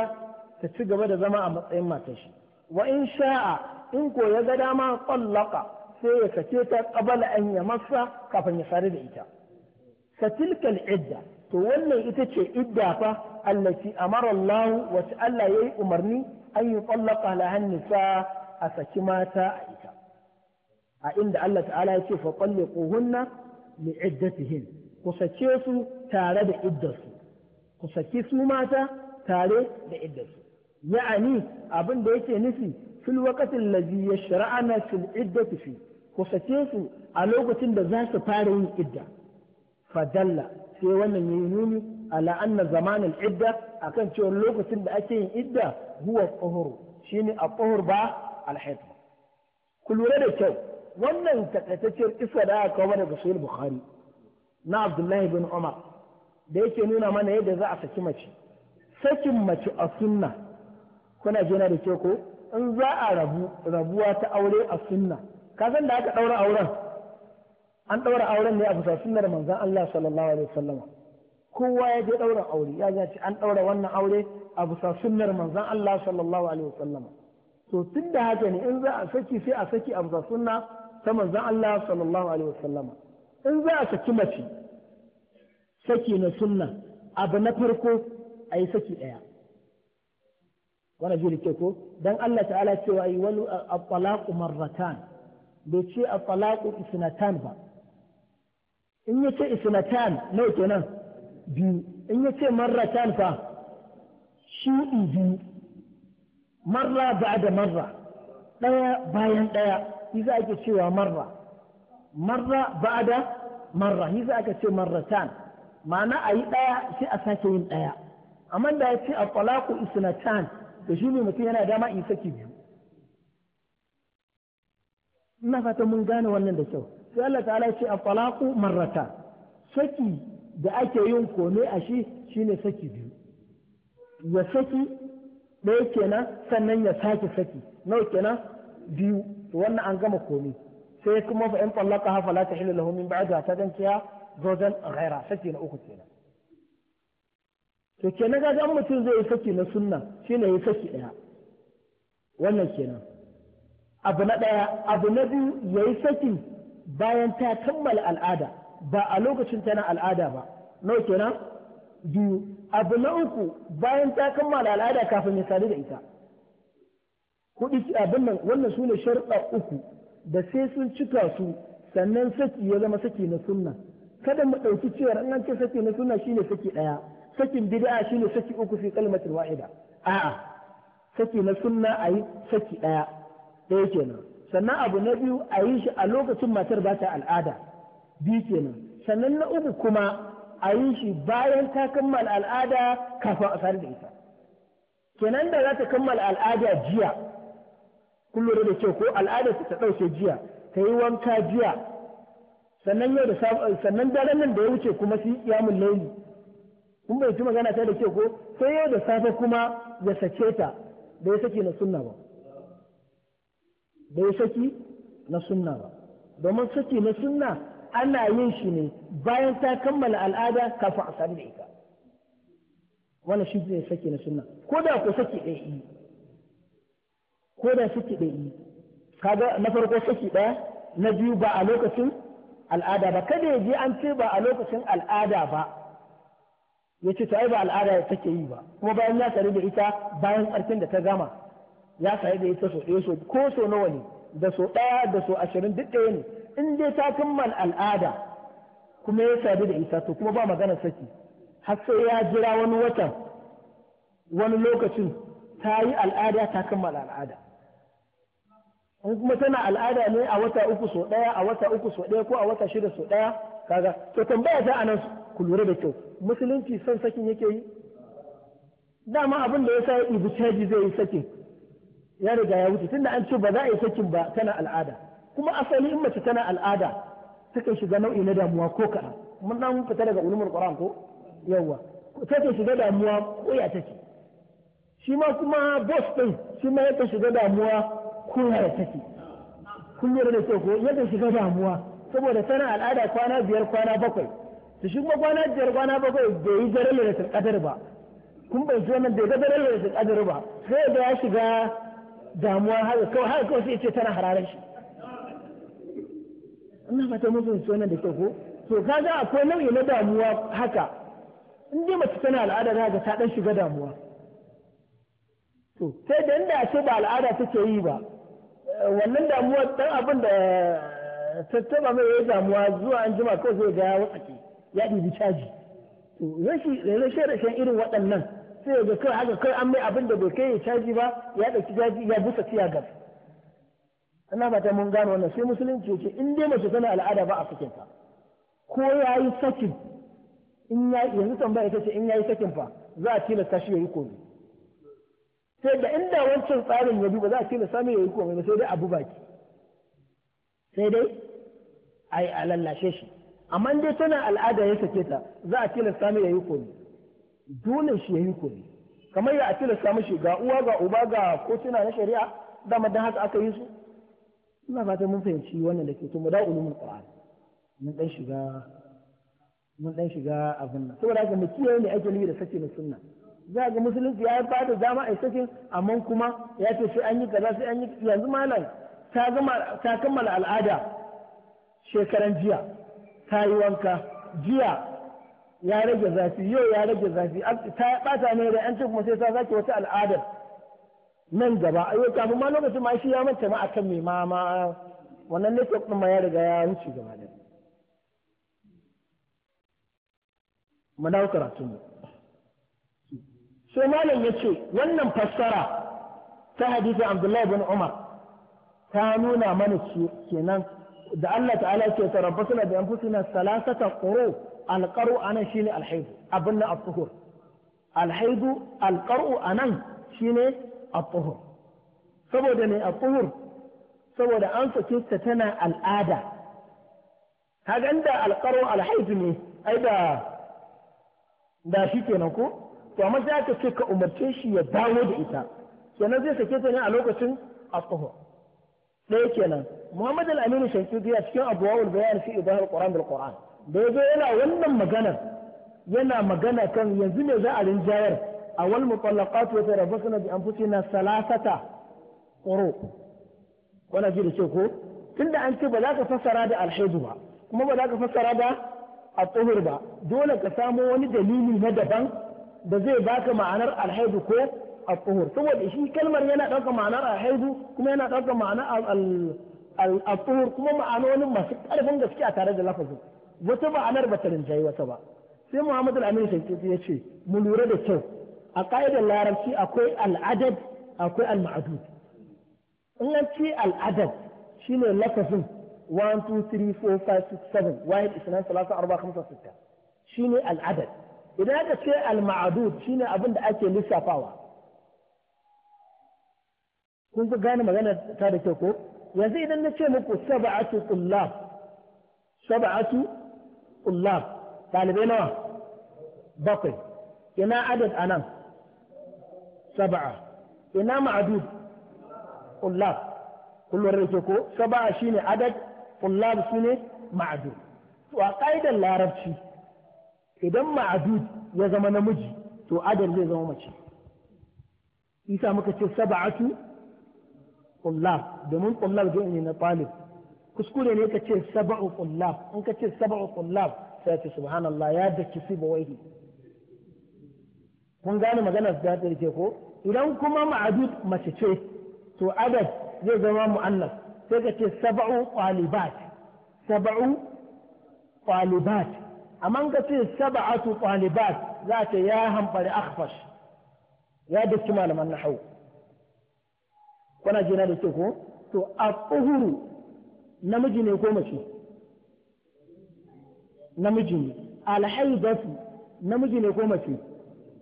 S1: ta ci gaba da zama a matsayin matashi wa in sha'a in ko ga dama tsallaka sai ya sake ta qabala an ya masa kafin ya sare da ita fatilka idda to wannan ita ce idda fa allati amara Allah wa Allah yayi umarni an yi tsallaka lahan hannisa a saki mata a ita a inda Allah ta'ala ya ce fa qalliquhunna li iddatihin ku sake su tare da iddarsu ku saki su mata tare da iddarsu ya'ani abin da yake nufi fil waqatil ladhi yashra'ana fil iddati fi ku sake su a lokacin da za su fara yin idda fadalla sai wannan ya yi nuni a anna zaman al idda akan cewa lokacin da ake yin idda huwa tsohoro shine a tsohor ba al ku da kyau wannan takaitacciyar kisa da aka kawo daga sahih bukhari na abdullahi bin umar da yake nuna mana yadda za a saki mace sakin mace a sunna kuna jina da ke ko in za a rabu rabuwa ta aure a sunna ka san da aka daura auren an daura auren ne a bisa sunnar manzon Allah sallallahu alaihi wasallam kowa ya je daura aure ya ji an daura wannan aure a bisa sunnar manzon Allah sallallahu alaihi wasallam to tun da haka ne in za a saki sai a saki a bisa sunna ta manzon Allah sallallahu alaihi wasallam in za a saki mace saki na sunna abu na farko a yi saki ɗaya wannan jiri ke ko dan Allah ta'ala cewa yi wani at-talaqu marratan bai ce at-talaqu isnatan ba in yace isnatan nawa kenan bi. in yace marratan fa shi bi. marra da marra Daya bayan ɗaya yi za ake cewa marra marra ba'da marra yi za ce marratan ma'ana a yi ɗaya sai a sake yin ɗaya amma da ya ce a talaku isnatan da shi ne mutum yana dama in saki biyu ina fata mun gane wannan da kyau sai Allah ta'ala ce a falaku marrata saki da ake yin kome a shi shine saki biyu ya saki ɗaya kenan sannan ya sake saki nawa kenan biyu to wannan an gama kome sai kuma fa in talaka ha fala tahilu lahu min ba'da ta dan kiya zawjan ghaira saki na uku kenan to na ga mutum zai yi saki na sunna shi ne ya saki ɗaya wannan kenan abu na ɗaya abu na biyu ya yi saki bayan ta kammala al'ada ba a lokacin tana al'ada ba nawa kenan biyu abu na uku bayan ta kammala al'ada kafin ya sadu da ita kuɗi abin nan wannan su ne sharɗa uku da sai sun cika su sannan saki ya zama saki na sunna kada mu ɗauki cewa in an ce saki na sunna shine saki ɗaya sakin bid'a shine saki uku fi kalmatin wahida a'a saki na sunna ayi saki daya daya kenan sannan abu na biyu a yi shi a lokacin matar ba ta al'ada biyu kenan sannan na uku kuma a yi shi bayan ta kammala al'ada kafin a da ita kenan da za ta kammala al'ada jiya kullum da kyau ko al'ada ta ɗauke jiya ta yi wanka jiya sannan yau da sannan daren nan da ya wuce kuma su yi iyamun kun bai ci magana ta da ke ko sai yau da safe kuma ya sake ta da ya sake na sunna ba da ya saki na sunna ba domin saki na sunna ana yin shi ne bayan ta kammala al'ada kafin a sadu da ita wannan shi ne saki na sunna ko da ku saki ɗaya yi ko da saki ɗaya yi kaga na farko saki ɗaya na biyu ba a lokacin al'ada ba kada ya je an ce ba a lokacin al'ada ba ya ce to ba al'ada ya take yi ba kuma bayan ya sare da ita bayan tsarkin da ta gama ya sare da ita so ɗaya so ko so nawa ne da so ɗaya da so ashirin duk ɗaya ne in dai ta kammal al'ada kuma ya sadu da ita to kuma ba magana saki har sai ya jira wani watan wani lokacin ta yi al'ada ta kammala al'ada in kuma tana al'ada ne a wata uku so ɗaya a wata uku so ɗaya ko a wata shida so ɗaya kaga to tambaya ta anan ku lura da kyau musulunci son sakin yake yi dama abin da ya sa ya caji zai yi sakin ya riga ya wuce tunda an ce ba za a yi sakin ba tana al'ada kuma asali in mace tana al'ada sukan shiga nau'i na damuwa ko ka mun dan fita daga ulumul qur'an ko yawa take shiga damuwa ko ya take shi ma kuma boss din shi ma yake shiga damuwa ko ya take kun lura da kyau ko yake shiga damuwa saboda tana al'ada kwana biyar kwana bakwai to shi kuma kwana biyar kwana bakwai bai yi da lailatul kadar ba kun bai ji nan bai ga da lailatul kadar ba sai da ya shiga damuwa haka kawai haka kawai sai ya ce tana hararar shi ina fata mun fahimci wannan da kyau ko to ka a akwai nau'i na damuwa haka in dai mace tana al'ada za ka ta dan shiga damuwa to sai da inda ce ba al'ada take yi ba wannan damuwa dan abin da tattaba mai ya damuwa zuwa an jima kawai zai ga ya watsake ya ɗibi caji to rashin rashin irin waɗannan sai ga kai haka kai an mai abin da bai kai ya caji ba ya ɗauki caji ya busa tiya gas ana ba mun gano wannan sai musulunci ya ce in dai mace tana al'ada ba a cikin ta ko ya yi sakin in ya yanzu tambaya ita ce in ya yi sakin fa za a tilasta shi ya yi komai sai da inda wancan tsarin ya duba za a tilasta mai ya yi komai sai dai abu baki sai dai a a lallashe shi amma dai tana al'ada ya sake ta za a tilasta mai yayi koyi dole shi yayi koyi kamar ya a tilasta mashi ga uwa ga uba ga kotuna na shari'a dama dan haka aka yi su ina fatan mun fahimci wannan da ke to da ulumul qur'an mun dan shiga mun dan shiga abin nan saboda haka mu kiyaye ne ake yi da sace na sunna za ga musulunci ya ba da dama a sakin amma kuma ya ce sai an yi kaza sai an yi yanzu malam ta gama ta kammala al'ada shekaran jiya ta yi wanka jiya ya rage zafi yau ya rage zafi ta bata ne da yancin kuma sai ta sake wata al'adar nan gaba ayo kafin ma lokacin ma shi ya manta ma akan mai ma ma wannan network din ma ya riga ya wuce gaba da mu dawo karatu mu sai malam ya ce wannan fassara ta Hadiza abdullahi bin umar ta nuna mana kenan da Allah ta'ala ke suna da anfusina salasata quru alqaru anan shine alhaidu abin na at alhaidu alhaidu a anan shine at saboda ne at saboda an sake ta tana al'ada hagan da alƙaru alhaidu ne ai da da shi kenan ko to amma sai aka ce ka umarce shi ya dawo da ita kenan zai sake ta ne a lokacin at ɗaya kenan Muhammad al-Aminu Shantuti a cikin abuwa'ul bayan fi ibahar Qur'an bil Qur'an da zo yana wannan magana yana magana kan yanzu ne za a rinjayar awal mutallaqat wa tarabbasna bi anfusina salasata quru wala ji da ce ko tunda an ce ba za ka fassara da alhaidu ba kuma ba za ka fassara da at ba dole ka samo wani dalili na daban da zai baka ma'anar alhaidu ko at-tuhur saboda shi kalmar yana ɗaukar ma'anar alhaidu kuma yana ɗaukar ma'anar al al kuma ma'anonin masu ƙarfin gaske a tare da lafazin wata ma'anar ba ta rinjayi wata ba sai Muhammadu Aminu shaikiti ya ce mu lura da kyau a ƙa'idar larabci akwai al'adab akwai al in an ce al'adab ne lafazin 1 2 3 4 5 6 7 salasa arba sitta shine al'adab idan aka ce al shine abin da ake lissafawa kun ga gane magana ta da kyau ko yanzu idan na ce muku sab'atu tullab sab'atu tullab ɗalibai nawa bakwai ina adad anan sab'a ina ma'adud tullab kullum rake ko sab'a shine adad tullab shine ma'adud to a ƙa'idar larabci idan ma'adud ya zama namiji to adad zai zama mace isa muka ce sab'atu qullab domin qullab zai ne na talib kuskure ne ka ce sab'u in ka ce sab'u qullab sai ce subhanallah ya daki sibawaihi kun gane maganar da ta ce ko idan kuma ma'adud mace ce to adad zai zama mu'annas sai ka ce sab'u qalibat sab'u qalibat amma ka ce sab'atu qalibat za ta ya hanbari akhfash ya daki malaman nahwu kuna jina da ke ko to a tsohuru namiji ne ko mace namiji ne su namiji ne ko mace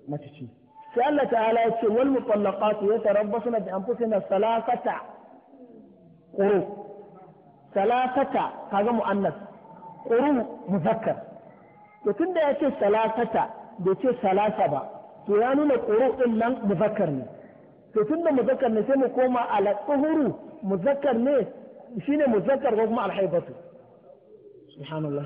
S1: mace ce sai Allah ta'ala ya ce wal mutallaqatu yatarabbasuna bi anfusina salasata quru salasata kaga muannas quru muzakkar to tunda ya ce salasata bai ce salasa ba to ya nuna quru din nan muzakkar ne to tun da muzakkar ne sai mu koma ala tsuhuru muzakkar ne shine muzakkar ko kuma alhaibatu subhanallah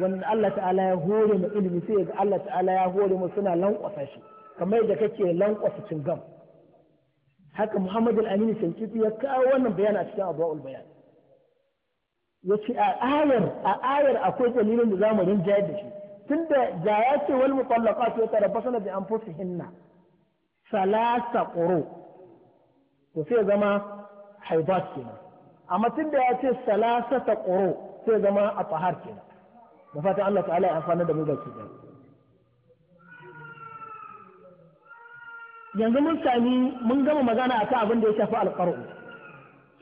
S1: wannan Allah ta'ala ya hore mu ilimi sai ga Allah ta'ala ya hore mu suna lankwasa shi kamar yadda kake lankwasa cingam haka Muhammad al-Amin Shankiti ya kawo wannan bayani a cikin Abwaul Bayan yace a ayar a ayar akwai dalilin da zamu rinjayar da shi tunda da ya ce wal mutallaqat ya bi anfusihinna salasa ƙuro to sai zama haibat kenan amma tun da ya ce salasa ta ƙuro sai zama a fahar kenan da fatan Allah ta'ala ya amfani da mu baki da yanzu mun sami mun gama magana a ta abin da ya shafi alƙar'u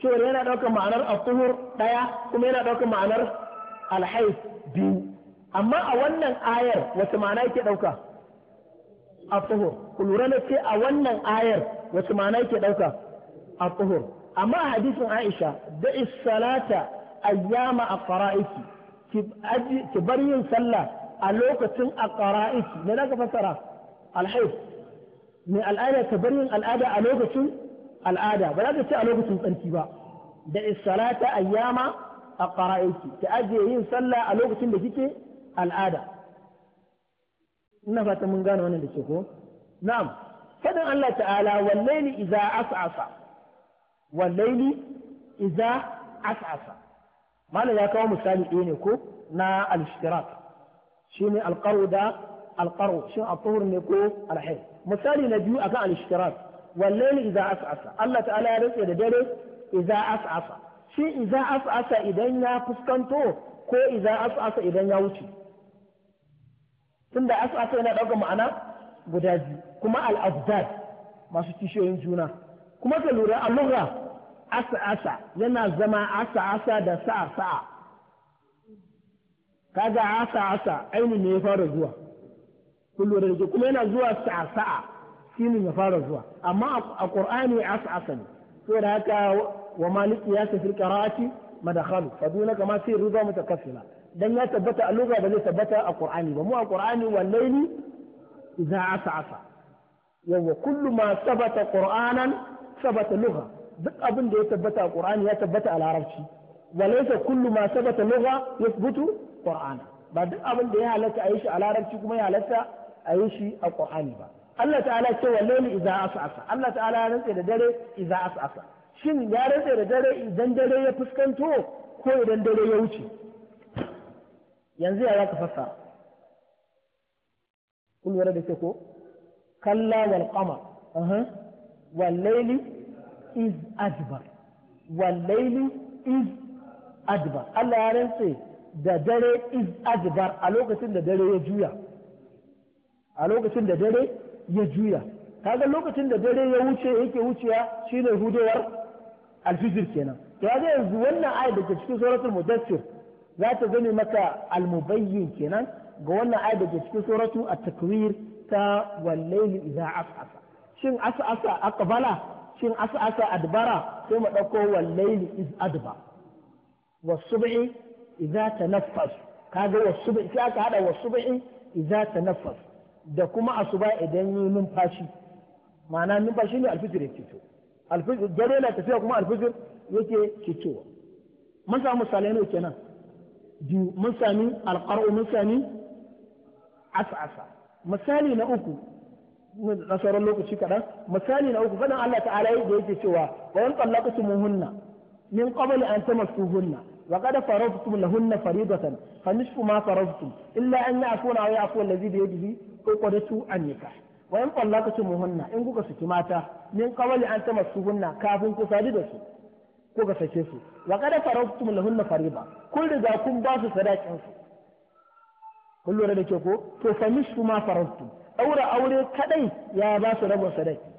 S1: cewa yana ɗaukar ma'anar al-tuhur ɗaya kuma yana ɗaukar ma'anar alhaif biyu amma a wannan ayar wata ma'ana yake ɗauka al-tuhur ku lura na ce a wannan ayar wasu ma'ana yake ɗauka a tuhur amma a hadisin aisha da salata ayyama a fara'iki ki bar yin sallah a lokacin a fara'iki me za ka fassara alhaif mai al'ada ka bar yin al'ada a lokacin al'ada ba za ka ce a lokacin tsarki ba da salata ayyama a fara'iki ki ajiye yin sallah a lokacin da kike al'ada ina fata mun gane wannan da ke ko na'am fadin Allah ta'ala wallaili idza as'asa wallaili idza as'asa malam ya kawo misali ɗaya ne ko na al shine al-qaru da al-qaru shin at ne ko al-hayy misali na biyu akan al-ishtirak wallaili idza as'asa Allah ta'ala ya rantsa da dare idza as'asa shi idza as'asa idan ya fuskanto ko idan ya wuce tunda as'asa yana ɗauka ma'ana guda biyu kuma al masu kishiyoyin juna kuma ka lura a lura asa asa yana zama asa asa da sa'a sa'a kaga asa asa aini ne ya fara zuwa kun lura da kuma yana zuwa sa'a sa'a shi ne ya fara zuwa amma a qur'ani asa asa ne da haka wa maliki ya tafi qira'ati madakhalu faduna kama sai ruba mutakaffila dan ya tabbata a lura ba zai tabbata a qur'ani ba mu a qur'ani wallahi إذا asa asa yawa kullu sabata qur'anan sabata lugha duk abin ya tabbata a qur'ani ya tabbata a larabci walaysa kullu ma sabata lugha yathbutu qur'ana ba duk abinda ya halarta a yi a larabci kuma ya halatta a yi a ba Allah ta'ala ce asa asa Allah ta'ala ya rantse da dare iza asa asa shin ya da dare idan dare ya fuskanto ko idan dare ya wuce yanzu ya zaka fassara kun lura da ke ko kalla wal qamar aha wal layli iz adbar wal layli iz adbar Allah ya rantse da dare iz adbar a lokacin da dare ya juya a lokacin da dare ya juya kaga lokacin da dare ya wuce yake wucewa shine hudowar alfijir kenan yaga yanzu wannan ayat da ke cikin suratul mudaththir za ta gani maka almubayyin kenan ga wannan ayat da ke cikin suratu at-takwir ta wallayli idza as'asa shin as'asa aqbala shin as'asa adbara sai mu dauko wallayli iz adba was-subhi idza tanaffas kaga was-subhi sai aka hada was-subhi idza tanaffas da kuma asuba idan yi numfashi ma'ana numfashi ne alfijir yake fito alfijir dare na tafiya kuma alfijir yake fitowa mun samu misalai ne kenan biyu mun sami alqar'u mun sami as'asa misali na uku na sauran lokaci kaɗan misali na uku faɗin Allah ta'ala da yake cewa wa wani tsallaka hunna min qabli an tamassu hunna wa qad faraftum lahunna faridatan fa nisfu ma faraftum illa an ya'funa aw ya'fu allazi bi yadihi uqdatu an nikah wa in tsallaka hunna in kuka saki mata min qabli an tamassu hunna kafin ku sadi da su ko ga sake su wa qad faraftum lahunna fariba kun riga kun ba su sadakin su Kullum da ke ko to fa nisfu ma farattu daura aure kadai ya ba su rabon sadaki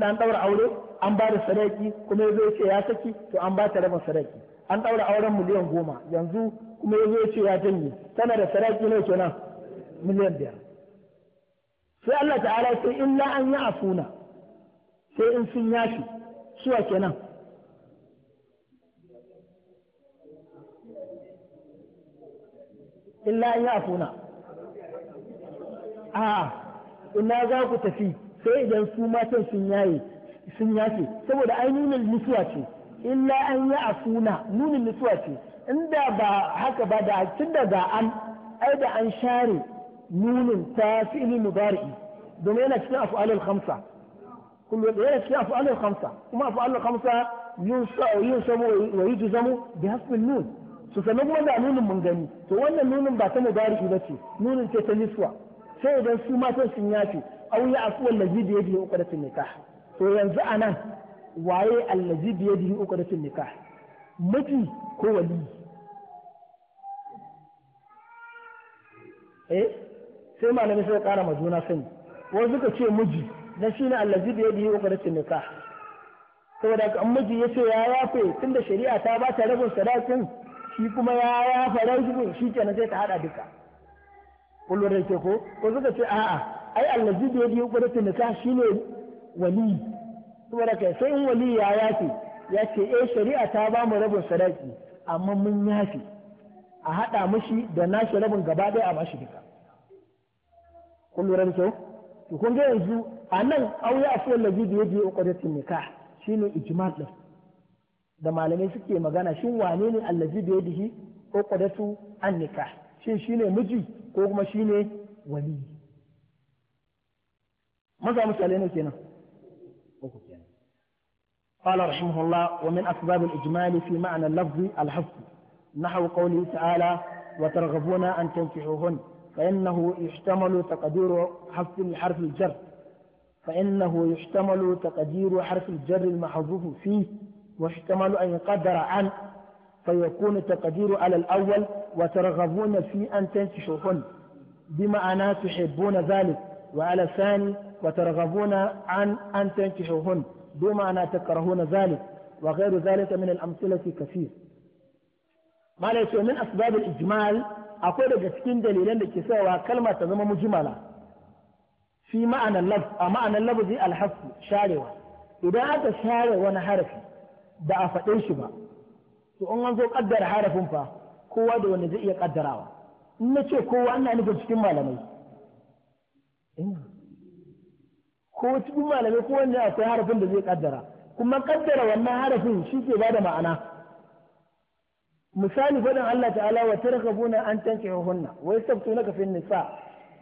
S1: da an daura aure an ba da sadaki kuma yazo ce ya saki to an ba ta rabon sadaki an daura auren miliyan goma yanzu kuma yazo ce ya janye tana da sadaki ne kenan miliyan biyar sai Allah ta'ala sai ce illa an ya afuna sai in sun yashi suwa kenan إلا أن يعفونا آه إن هذا هو تفي سيد السوما تنسيني سنياتي سوى أي نون المسواتي إلا أن يعفونا نون المسواتي عند با حكى بعد عند با أن أيضا أن شاري نون تاسئل مبارئي دمينا شنا أفعال الخمسة كل دمينا شنا أفعال الخمسة وما أفعال الخمسة ينصب ويجزم بحسب النون su sannan kuma da nunin mun gani to wannan nunin ba ta mudari ba ce nunin ce ta niswa sai idan su matan sun yafe au ya afu allazi bi yadihi uqdatun nikah to yanzu anan waye allazi bi yadihi uqdatun nikah miji ko wali eh sai malami sai kara ma juna sani wasu suka ce miji shi ne allazi bi yadihi uqdatun nikah saboda kan miji yace ya yafe tunda shari'a ta ba ta rabin sadakin shi kuma ya ya fara shi shi kenan sai ta hada duka kullum da ke ko ko suka ce a'a ai allazi da yadi nika shi ne wali kuma da kai sai in wali ya yafi ya ce eh shari'a ta ba mu rabin sadaki amma mun yafi a hada mushi da nashi rabin gaba daya a shi duka kullum da ke ko kun ga yanzu a nan auya su allazi da yadi shi ne shine da din da malamai suke magana shin wane ne allazi da yadihi ko qadatu an nikah shin shine miji ko kuma shine wali maza misalai ne kenan uku kenan قال رحمه الله ومن أسباب الإجمال في معنى اللفظ الحفظ نحو قوله تعالى وترغبون أن تنكحوهن فإنه يحتمل تقدير حفظ حرف الجر فإنه يحتمل تقدير حرف الجر المحذوف فيه واحتمال أن يقدر عن فيكون التقدير على الأول وترغبون في أن تنكحوهن بمعنى تحبون ذلك وعلى الثاني وترغبون عن أن تنكحوهن بمعنى تكرهون ذلك وغير ذلك من الأمثلة كثير ما ليس من أسباب الإجمال أقول جسكين دليلين سوى كلمة تزم مجملة في معنى اللفظ معنى اللفظ الحفظ شارعة إذا أتى شارع ونحرفي Da a faɗe shi ba to in an zo kaddara harafin fa kowa da wanda zai iya kaddarawa in na ce kowa ina nufin cikin malamai ko cikin malamai ko wanda akwai harafin da zai kaddara kuma kaddara wannan harafin shi ke bada ma'ana misali fadin Allah ta'ala wa tarkabuna an hunna wa yastabtunaka fi nisa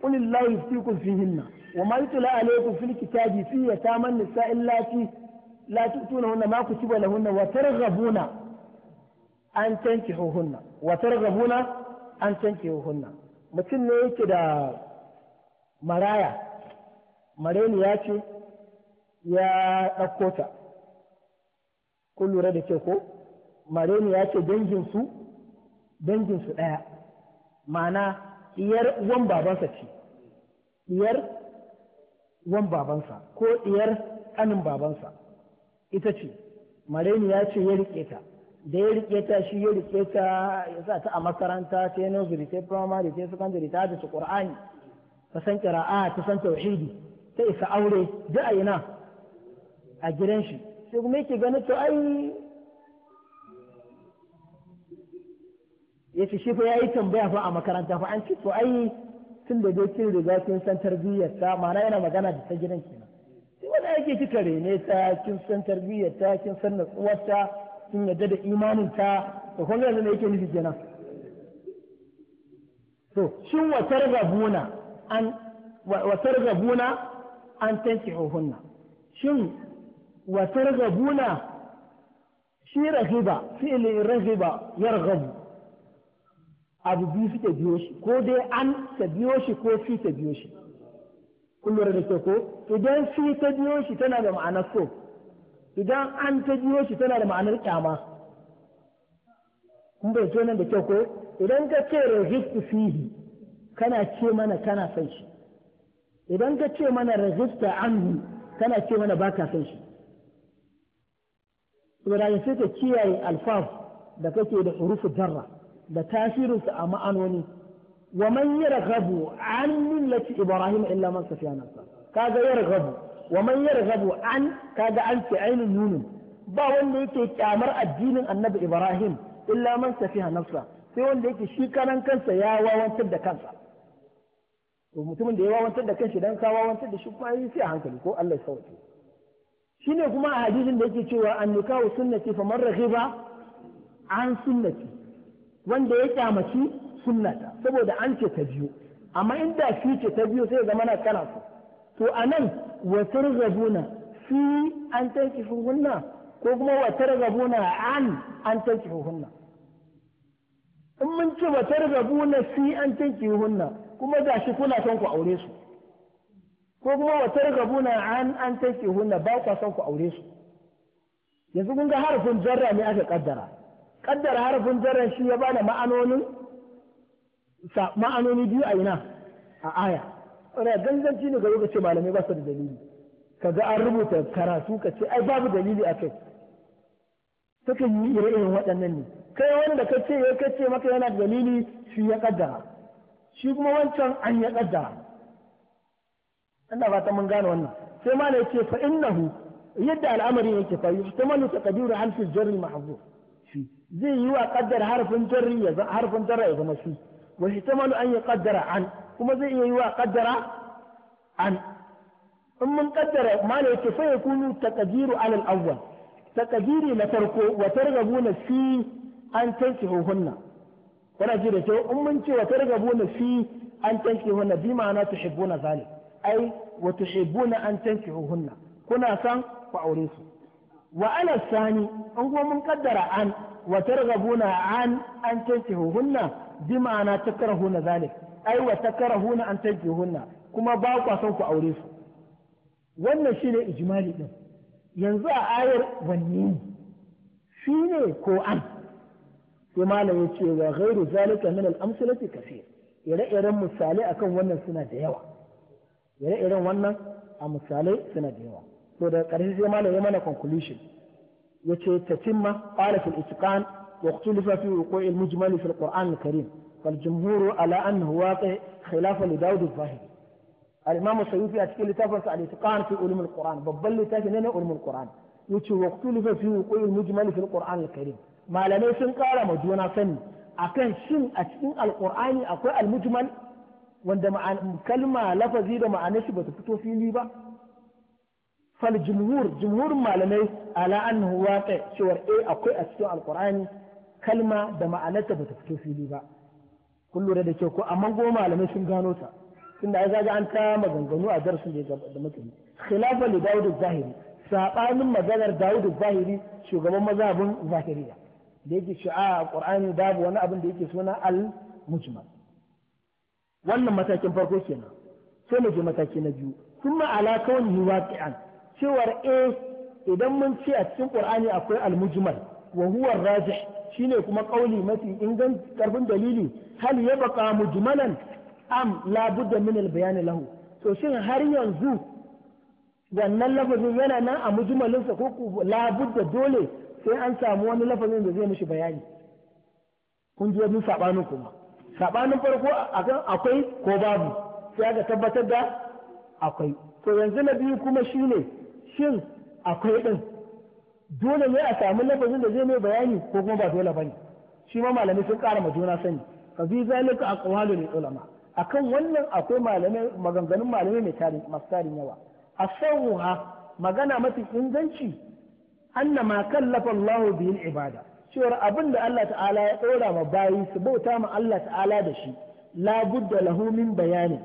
S1: qul illahu yuftikum fihinna wa ma yutla alaykum fil kitabi fi yataman nisa illati la tutuna hunna ma kutiba lahunna wa targhabuna an tankihuhunna wa targhabuna an tankihuhunna mutum ne yake da maraya mareniya ce ya ɗauko ta kun lura da ce ko mareniya ce danginsu danginsu ɗaya ma'ana iyar uwan babansa ce iyar uwan babansa ko iyar kanin babansa ita ce mareni ya ce ya rike ta da ya rike ta shi ya rike ta ya sa ta a makaranta ta yi nursery ta primary ta secondary ta hada qur'ani ta san qira'a ta san tauhidi ta isa aure da aina a gidan shi sai kuma yake ganin to ai ya ce shi fa ya yi tambaya fa a makaranta fa an ce to ai tun da dokin riga kin san tarbiyyar ta ma'ana yana magana da ta gidan ki wani ake kika rene ta kin san tarbiyyar ta kin san natsuwar ta kin yadda da imanin ta to kun yanzu ne yake nufi kenan to shin wa targabuna an wa targabuna an tankihuhunna shin wa targabuna shi rahiba fi'li rahiba yarghabu abu biyu ta biyo shi ko dai an ta biyo shi ko fi ta biyo shi kun da ke ko idan shi ta biyo shi tana da ma'anar so idan an ta biyo shi tana da ma'anar kyama kun bai ce nan da kyau ko idan ka ce rajistu fihi kana ce mana kana san shi idan ka ce mana rajista anhu kana ce mana ba ka san shi saboda ya sai ka kiyaye alfaf da kake da hurufu jarra da tasirinsa a ma'anoni wa man yarghabu an millati ibrahim illa man safiya nafsa kaga yarghabu wa man yarghabu an kaga an ce ainin nunin ba wanda yake kyamar addinin annabi ibrahim illa man safiha nafsa sai wanda yake shi karan kansa ya wawantar da kansa mutumin da ya wawantar da kanshi dan ka wawantar da shi kuma yi sai a hankali ko Allah ya sauke shine kuma a hadisin da yake cewa an nikahu sunnati faman raghiba an sunnati wanda ya kyamaci sunnata saboda an ce ta biyu amma inda shi ce ta biyu sai zama na kana so to anan wa targhabuna fi an hunna ko kuma wa targhabuna an an hunna in mun ce wa targhabuna fi an hunna kuma ga shi kuna son ku aure su ko kuma wa targhabuna an an hunna ba ku son ku aure su yanzu kun ga harafin jarra ne aka kaddara kaddara harafin jarra shi ya bada ma'anonin ma'anoni biyu a ina a aya ana ganganci ne ga lokaci malamai ba su da dalili Ka ga an rubuta karatu ka ce ai babu dalili a kai suka yi ire-iren waɗannan ne kai da ka ce ya eh, kace maka yana da dalili shi ya kaddara shi kuma wancan an ya kaddara Allah fata mun gane wannan sai ma ce fa innahu yadda al'amarin yake fa yuhtamalu taqdiru harfin jarri mahdhuf shi zai yi wa kaddar harfin jarri ya harfin jarri ya zama shi ويحتمل أن يقدر عن كما زي يوا قدر عن من قدر ما لا فيكون تقدير على الأول تقديري لتركه وترغبون في أن تنكحوهن ولا جيرة تو أمنك وترغبون في أن تنكحوهن بمعنى تحبون ذلك أي وتحبون أن تنكحوهن كنا سان وأوريسو وأنا الثاني هو من قدر عن وترغبون عن أن تنكحوهن bi ma'ana takrahuna zalik ai wa takrahuna an tankihunna kuma ba kwa son ku aure su wannan shine ijmali din yanzu a ayar wanne ne shine ko an sai malam ya ce wa ghairu zalika min al-amsalati kaseer ire-iren misalai akan wannan suna da yawa ire-iren wannan a misalai suna da yawa to da karshe sai malam ya mana conclusion yace tatimma qala fil itqan واختلف في وقوع المجمل في القرآن الكريم فالجمهور على أنه واقع خلافا لداود الظاهري الإمام السيوفي أتكي لتفرس على الاتقان في علم القرآن ببل تهنين علم القرآن يتشو واختلف في وقوع المجمل في القرآن الكريم ما لم يسن قال مجونا سن أكن سن أتكين القرآن أقوى المجمل وندم عن كلمة لفظي دم عن نسبة في ليبا فالجمهور جمهور ما لم على أنه واقع شور إيه أقوى أتكين القرآن kalma da ma'anarta ba ta fito fili ba kun lura da ke ko amma goma malamai sun gano ta tunda ai zaga an ta maganganu a darsin da da muke khilafa li Dawud zahiri sabanin maganar daud zahiri shugaban mazhabin zahiriya da yake shi a Qur'ani babu wani abin da yake suna al mujmal wannan matakin farko kenan sai mu je mataki na biyu kuma ala ni waqi'an cewar eh idan mun ce a cikin Qur'ani akwai al mujmal wa huwa rajih shine kuma kauli mafi ingan karfin dalili hal ya baka mujmalan am la budda min al lahu to shin har yanzu wannan lafazin yana nan a mujmalin sa ko la budda dole sai an samu wani lafazin da zai mishi bayani kun ji wani sabanin kuma sabanin farko akan akwai ko babu sai aka tabbatar da akwai to yanzu na biyu kuma shine shin akwai ɗin. dole ne a samu lafazin da zai mai bayani ko kuma ba dole ba ne? shi ma malamai sun ƙara majuna sani fa fi zalika aqwalul ulama akan wannan akwai malamai maganganun malamai mai tarin masu tarin yawa asahuha magana mafi inganci anna ma kallafa Allahu bil ibada cewar abin da Allah ta'ala ya ɗora ma bayi su bauta ma Allah ta'ala da shi la budda lahu bayani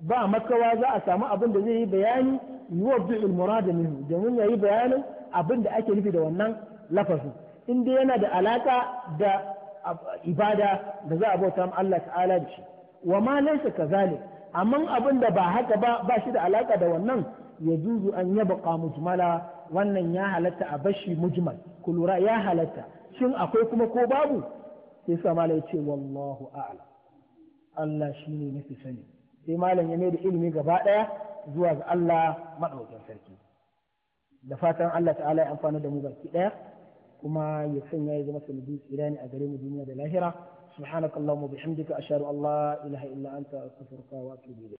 S1: ba makawa za a samu abin da zai yi bayani wa al murad minhu domin yayi bayanin abin da ake nufi da wannan lafazi in dai yana da alaka da ibada da za a bauta ma Allah ta'ala da shi wa ma laysa kazalik amma abin da ba haka ba ba shi da alaka da wannan ya juzu an yaba mujmala wannan ya halatta a bashi mujmal kulura ya halatta shin akwai kuma ko babu sai sa mala ya ce wallahu a'lam Allah shine sani sai malam ya mai da ilimi gaba daya zuwa ga Allah madaukakin sarki da fatan Allah ta'ala ya amfana da mu baki daya kuma ya sanya ya zama sanadi tsira ne a gare mu duniya da lahira subhanakallahumma bihamdika ashhadu an la ilaha illa anta astaghfiruka wa atubu